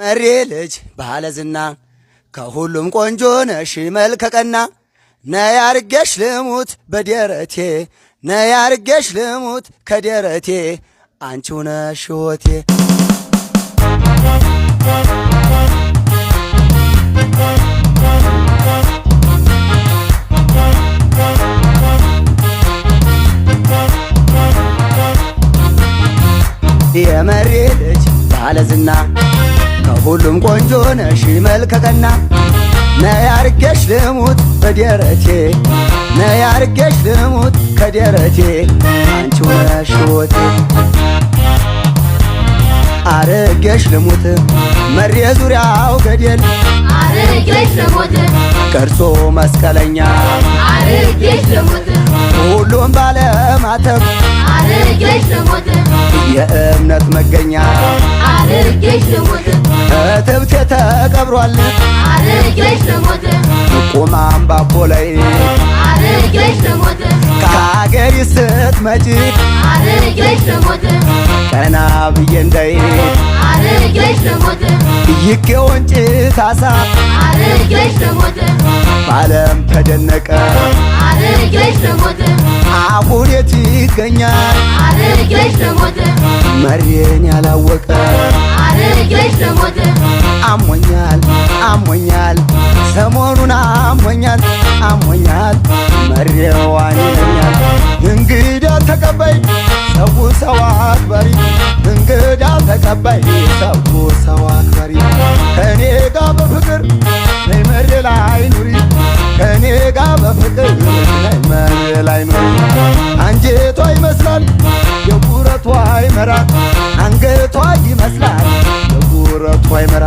መሬ ልጅ ባለዝና ከሁሉም ቆንጆ ነሽ መልከ ቀና ነይ አርጌሽ ልሙት በደረቴ ነይ አርጌሽ ልሙት ከደረቴ አንቺው ነሽ ሕይወቴ የመሬ ልጅ ባለዝና ሁሉም ቆንጆ ነሽ መልከቀና ነያርጌሽ ልሙት በደረቴ ነያርጌሽ ልሙት ከደረቴ አንቺ ነሽ ሕይወቴ አርጌሽ ልሙት መሬ ዙሪያው ገደል አርጌሽ ልሙት ቀርጾ መስቀለኛ አርጌሽ ልሙት ሁሉም ባለማተብ አርጌሽ ልሙት የእምነት መገኛ አርጌሽ ልሙት እትብቴ ተቀብሯል አርጌሽ ልሙት ቁማም ባቦ ላይ ከአገር ስትመጪ ቀና ብዬ እንደይ ይኬ ወንጭ ታሳ ባለም ተደነቀ አሁን የት ይገኛል መሬን ያላወቀ አሞኛል አሞኛል ሰሞኑን አሞኛል አሞኛል መሪዋን እንግዳ ተቀባይ ሰው ሰው አክባሪ እንግዳ ሰው ሰው ከኔ ጋ በፍቅር ነይ ላይ ኑሪ ከኔ ጋ በፍቅር ነይ ላይ ኑሪ አንጀቷ ይመስላል የጉረቷ ይመራ አንገቷ ይመስላል የጉረቷ ይመራ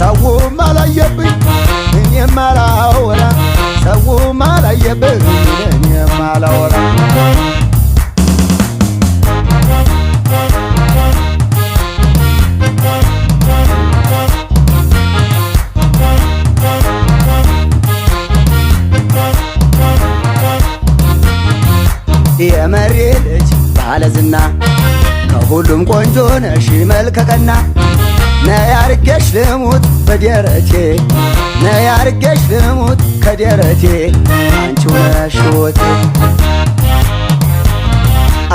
ሰውም አላየብኝ እኔም አላ ሰው ማላየብን ማላወራ የመሬ ልጅ ባለዝና ከሁሉም ቆንጆ ነሽ መልከቀና ነይ አርጌሽ ልሙት በደረቴ ነይ አርጌሽ ልሙት ከደረቴ አንቺ ነሽ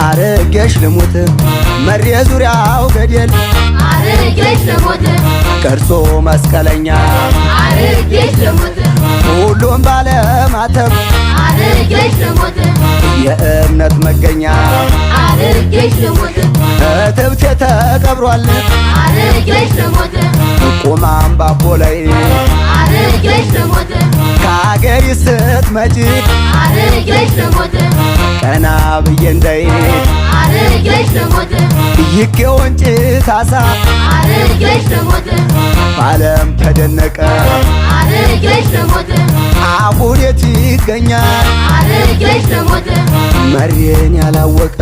አረገሽ ልሙት መሬ ዙሪያው ገደል አረገሽ ልሙት ቀርጾ መስቀለኛ አረገሽ ልሙት ሁሉም ማተብ አረገሽ ልሙት የእምነት መገኛ አረገሽ ልሙት እትብቴ ተቀብሯል አረገሽ ልሙት ቁማም ባቦ ላይ አረገሽ ልሙት ከአገር ይስት መጪ ቀና ብዬ እንደይ ይቄ ወንጭ ታሳ በዓለም ተደነቀ አፉን የት ይገኛል መሬን ያላወቀ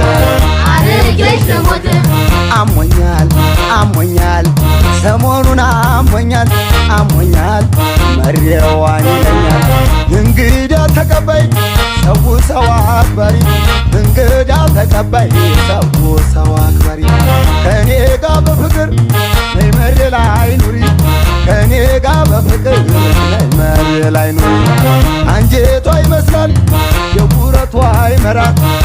አሞኛል አሞኛል ሰሞኑን አሞኛል አሞኛል መሬዋን አክባሪ እንግዳ ተቀባይ ሰው ሰው አክባሪ ከኔ ጋ በፍቅር ነይ መሬ ላይ ኑሪ ከኔ ጋ በፍቅር ነይ መሬ ላይ ኑሪ አንጀቷ ይመስላል የጉረቷ ይመራል